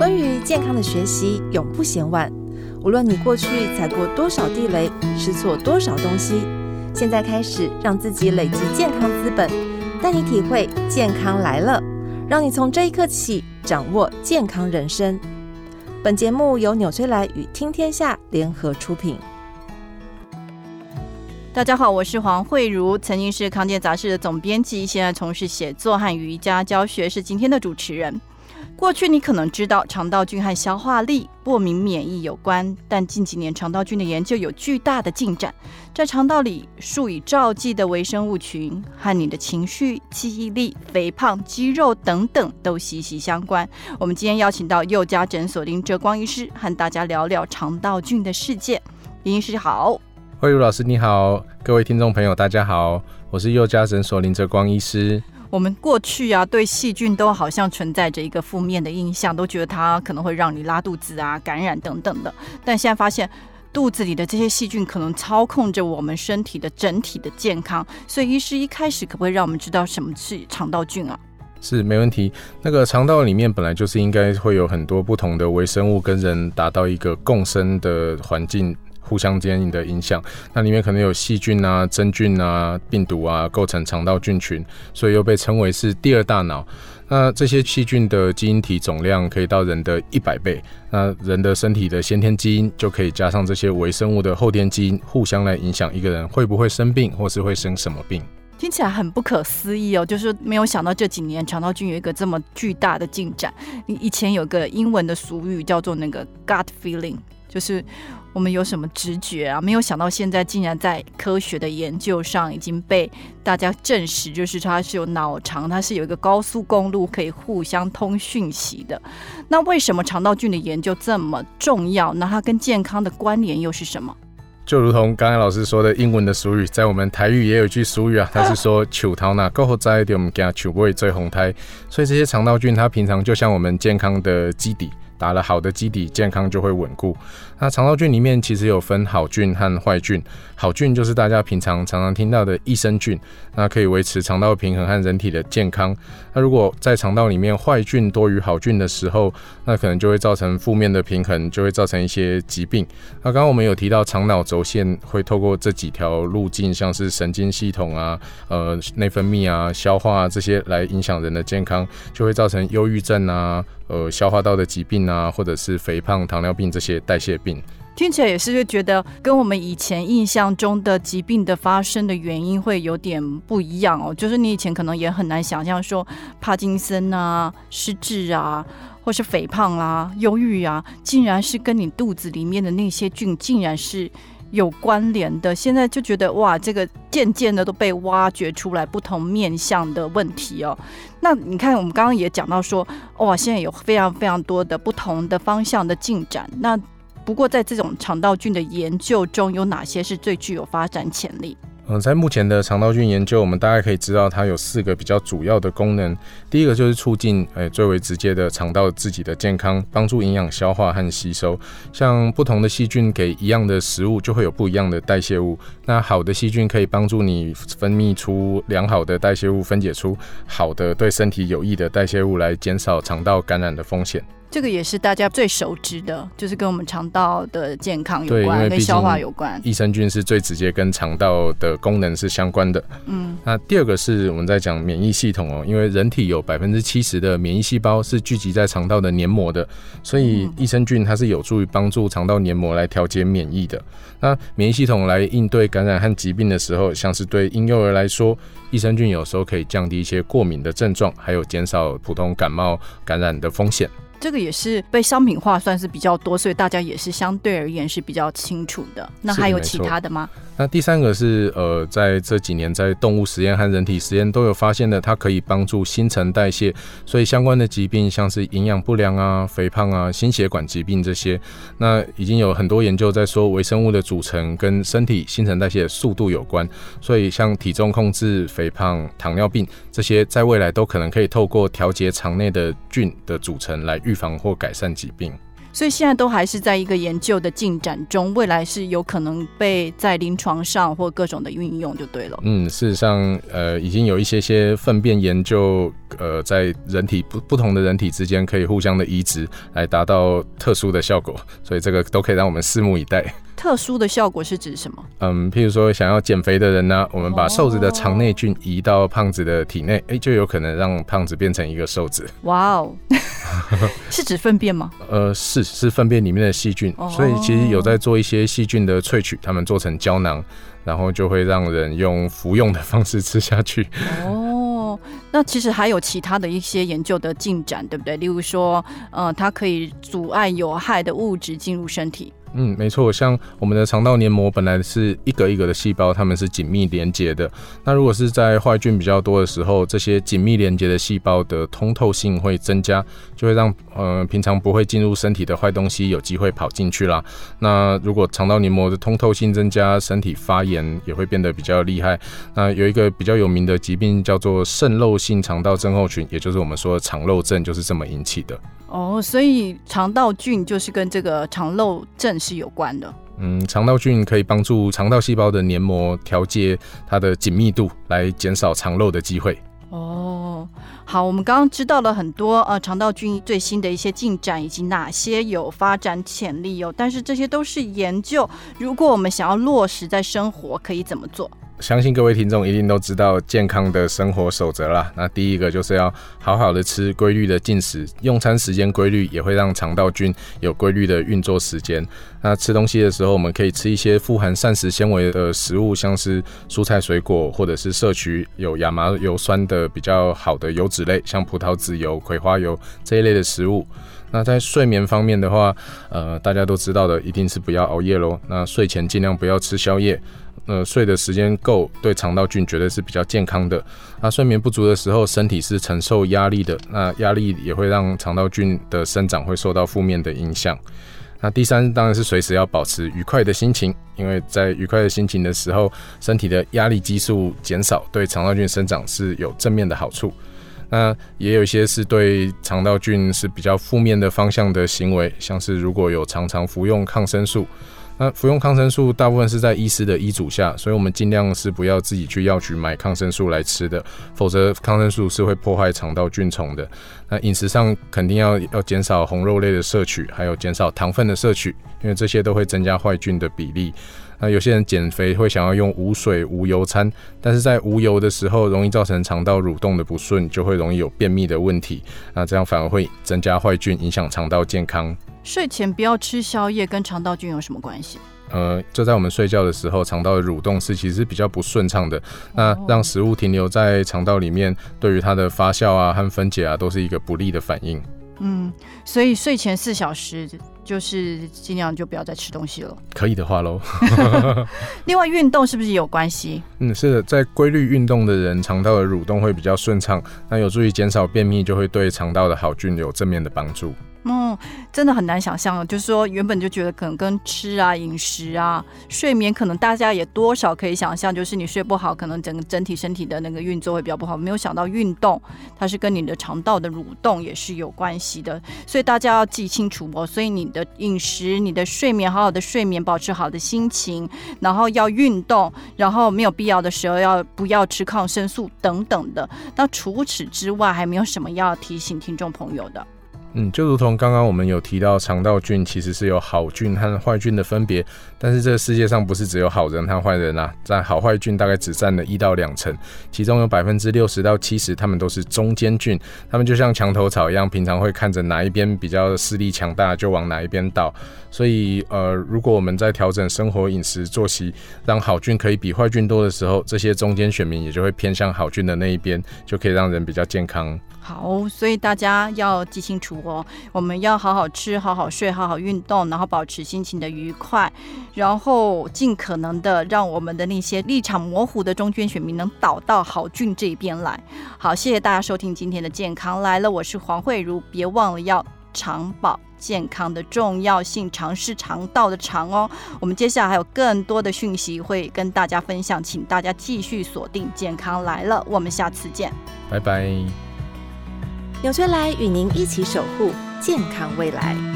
關於健康的學習永不嫌晚。無論你過去踩過多少地雷，吃錯多少東西，現在開始讓自己累積健康資本，帶你體會健康來了，讓你從這一刻起掌握健康人生。本節目由紐崔萊與聽天下聯合出品。大家好，我是黃惠如，曾經是康健雜誌的總編輯，現在從事寫作和瑜伽教學，是今天的主持人。過去你可能知道腸道菌和消化力、過敏、免疫有關，但近幾年腸道菌的研究有巨大的進展。在腸道裡數以兆計的微生物群和你的情緒、記憶力、肥胖、肌肉等等都息息相關。我們今天邀請到佑家診所林哲光醫師和大家聊聊腸道菌的世界。林醫師好。惠如老師，你好，各位聽眾朋友，大家好，我是佑家診所林哲光醫師。我們過去啊，對細菌都好像存在着一個負面的印象，都覺得它可能會讓你拉肚子啊、感染等等的。但現在發現，肚子裡的這些細菌可能操控着我們身體的整體的健康。所以，醫師一開始可不可以讓我們知道什麼是腸道菌啊？是沒問題。那個腸道裡面本來就是應該會有很多不同的微生物，跟人達到一個共生的環境。互相間的影響，那裡面可能有細菌啊、真菌啊、病毒啊，構成腸道菌群，所以又被稱為是第二大腦。那這些細菌的基因體總量可以到人的一百倍。那人的身體的先天基因就可以加上這些微生物的後天基因，互相來影響一個人會不會生病，或是會生什麼病。聽起來很不可思議哦，就是沒有想到這幾年腸道菌有一個這麼巨大的進展。你以前有個英文的俗語叫做那個 gut feeling。就是我們有什麼直覺啊？沒有想到現在竟然在科學的研究上已經被大家證實，就是它是有腦腸，它是有一個高速公路可以互相通訊息的。那為什麼腸道菌的研究這麼重要？那它跟健康的關聯又是什麼？就如同剛才老師說的英文的俗語，在我們台語也有一句俗語啊，它是說“求桃那過後再一我們給他不會最紅胎”。所以這些腸道菌，它平常就像我們健康的基底。打了好的基底，健康就會穩固。那腸道菌裡面其實有分好菌和壞菌，好菌就是大家平常常常聽到的益生菌，那可以維持腸道平衡和人體的健康。那如果在腸道裡面壞菌多於好菌的時候，那可能就會造成負面的平衡，就會造成一些疾病。那剛剛我們有提到腸腦軸線會透過這幾條路徑，像是神經系統啊、呃、內分泌啊、消化啊這些來影響人的健康，就會造成憂鬱症啊。呃，消化道的疾病啊，或者是肥胖、糖尿病這些代謝病，聽起來也是會覺得跟我們以前印象中的疾病的發生的原因會有點不一樣哦。就是你以前可能也很難想象說，帕金森啊、失智啊，或是肥胖啦、啊、憂鬱啊，竟然是跟你肚子裡面的那些菌，竟然是。有關聯的，現在就覺得哇，這個漸漸的都被挖掘出來不同面向的問題哦。那你看，我們剛剛也講到說，哇，現在有非常非常多的不同的方向的進展。那不過，在這種腸道菌的研究中，有哪些是最具有發展潛力？嗯，在目前的腸道菌研究，我們大概可以知道，它有四個比較主要的功能。第一個就是促進，哎，最為直接的腸道自己的健康，幫助營養消化和吸收。像不同的細菌給一樣的食物，就會有不一樣的代謝物。那好的細菌可以幫助你分泌出良好的代謝物，分解出好的、對身體有益的代謝物，來減少腸道感染的風險。這個也是大家最熟知的，就是跟我們腸道的健康有關，跟消化有關。益生菌是最直接跟腸道的功能是相關的。嗯，那第二個是我們在講免疫系統哦，因為人體有百分之七十的免疫細胞是聚集在腸道的黏膜的，所以益生菌它是有助於幫助腸道黏膜來調節免疫的。嗯。那免疫系統來應對感染和疾病的時候，像是對嬰幼兒來說，益生菌有時候可以降低一些過敏的症狀，還有減少有普通感冒感染的風險。這個也是被商品化，算是比較多，所以大家也是相對而言是比較清楚的。那還有其他的嗎？那第三個是呃，在這幾年在動物實驗和人體實驗都有發現的，它可以幫助新陳代謝，所以相關的疾病像是營養不良啊、肥胖啊、心血管疾病這些，那已經有很多研究在說微生物的組成跟身體新陳代謝的速度有關，所以像體重控制、肥胖、糖尿病這些，在未來都可能可以透過調節腸內的菌的組成來。預防或改善疾病，所以現在都還是在一個研究的進展中。未來是有可能被在臨床上或各種的運用，就對了。嗯，事實上，呃，已經有一些些糞便研究，呃，在人體不不同的人體之間可以互相的移植，來達到特殊的效果。所以這個都可以讓我們拭目以待。特殊的效果是指什麼？嗯，譬如說，想要減肥的人呢、啊，我們把瘦子的腸內菌移到胖子的體內，哎、Oh. 欸，就有可能讓胖子變成一個瘦子。哇哦！ 是指糞便嗎？呃，是是糞便裡面的細菌，oh. 所以其實有在做一些細菌的萃取，它們做成膠囊，然後就會讓人用服用的方式吃下去。哦、 oh.，那其實還有其他的一些研究的進展，對不對？例如說，呃，它可以阻礙有害的物質進入身體。嗯，沒錯，像我們的腸道黏膜本來是一格一格的細胞，它們是緊密連接的。那如果是在壞菌比較多的時候，這些緊密連接的細胞的通透性會增加，就會讓嗯、呃、平常不會進入身體的壞東西有機會跑進去啦。那如果腸道黏膜的通透性增加，身體發炎也會變得比較厲害。那有一個比較有名的疾病叫做滲漏性腸道症候群，也就是我們說的腸漏症，就是這麼引起的。哦，所以腸道菌就是跟這個腸漏症。是有關的，嗯，腸道菌可以幫助腸道細胞的黏膜調節它的緊密度，來減少腸漏的機會。哦，好，我們剛剛知道了很多呃腸道菌最新的一些進展以及哪些有發展潛力哦，但是這些都是研究，如果我們想要落實在生活，可以怎麼做？相信各位聽眾一定都知道健康的生活守則啦。那第一個就是要好好的吃，規律的進食，用餐時間規律也會讓腸道菌有規律的運作時間。那吃東西的時候，我們可以吃一些富含膳食纖維的食物，像是蔬菜水果，或者是攝取有亞麻油酸的比較好的油脂類，像葡萄籽油、葵花油這一類的食物。那在睡眠方面的話，呃，大家都知道的，一定是不要熬夜嘍。那睡前盡量不要吃宵夜。呃，睡的時間夠，對腸道菌絕對是比較健康的。那睡眠不足的時候，身體是承受壓力的，那壓力也會讓腸道菌的生長會受到負面的影響。那第三，當然是隨時要保持愉快的心情，因為在愉快的心情的時候，身體的壓力激素減少，對腸道菌生長是有正面的好處。那也有一些是對腸道菌是比較負面的方向的行為，像是如果有常常服用抗生素。那服用抗生素大部分是在醫師的醫囑下，所以我們盡量是不要自己去藥局買抗生素來吃的，否則抗生素是會破壞腸道菌叢的。那飲食上肯定要要減少紅肉類的攝取，還有減少糖分的攝取，因為這些都會增加壞菌的比例。那有些人減肥會想要用無水無油餐，但是在無油的時候，容易造成腸道蠕動的不順，就會容易有便秘的問題。那這樣反而會增加壞菌，影響腸道健康。睡前不要吃宵夜，跟腸道菌有什麼關係？呃，就在我們睡覺的時候，腸道的蠕動是其實是比較不順暢的。那讓食物停留在腸道裡面，對於它的發酵啊和分解啊，都是一個不利的反應。嗯，所以睡前四小時。就是儘量就不要再吃東西了。可以的話嘍。 另外，運動是不是有關係？嗯，是的，在規律運動的人，腸道的蠕動會比較順暢，那有助於減少便秘，就會對腸道的好菌有正面的幫助。嗯，真的很難想象。就是說，原本就覺得可能跟吃啊、飲食啊、睡眠，可能大家也多少可以想象，就是你睡不好，可能整個整體身體的那個運作會比較不好。沒有想到運動，它是跟你的腸道的蠕動也是有關係的。所以大家要記清楚哦。所以你的飲食、你的睡眠，好好的睡眠，保持好的心情，然後要運動，然後沒有必要的時候要不要吃抗生素等等的。那除此之外，還沒有什麼要提醒聽眾朋友的？嗯，就如同剛剛我們有提到，腸道菌其實是有好菌和壞菌的分別。但是這個世界上不是只有好人和壞人啊，在好壞菌大概只占了一到兩成，其中有百分之六十到七十，他們都是中間菌，他們就像牆頭草一樣，平常會看着哪一邊比較的勢力強大，就往哪一邊倒。所以呃，如果我們在調整生活、飲食、作息，讓好菌可以比壞菌多的時候，這些中間選民也就會偏向好菌的那一邊，就可以讓人比較健康。好，所以大家要記清楚哦。我們要好好吃，好好睡，好好運動，然後保持心情的愉快，然後盡可能的讓我們的那些立場模糊的中間選民能倒到好菌這邊來。好，謝謝大家收聽今天的健康來了，我是黃惠如，別忘了要腸保健康的重要性，腸是腸道的腸哦。我們接下來還有更多的訊息會跟大家分享，請大家繼續鎖定《健康來了》，我們下次見，拜拜。紐崔萊與您一起守護健康未來。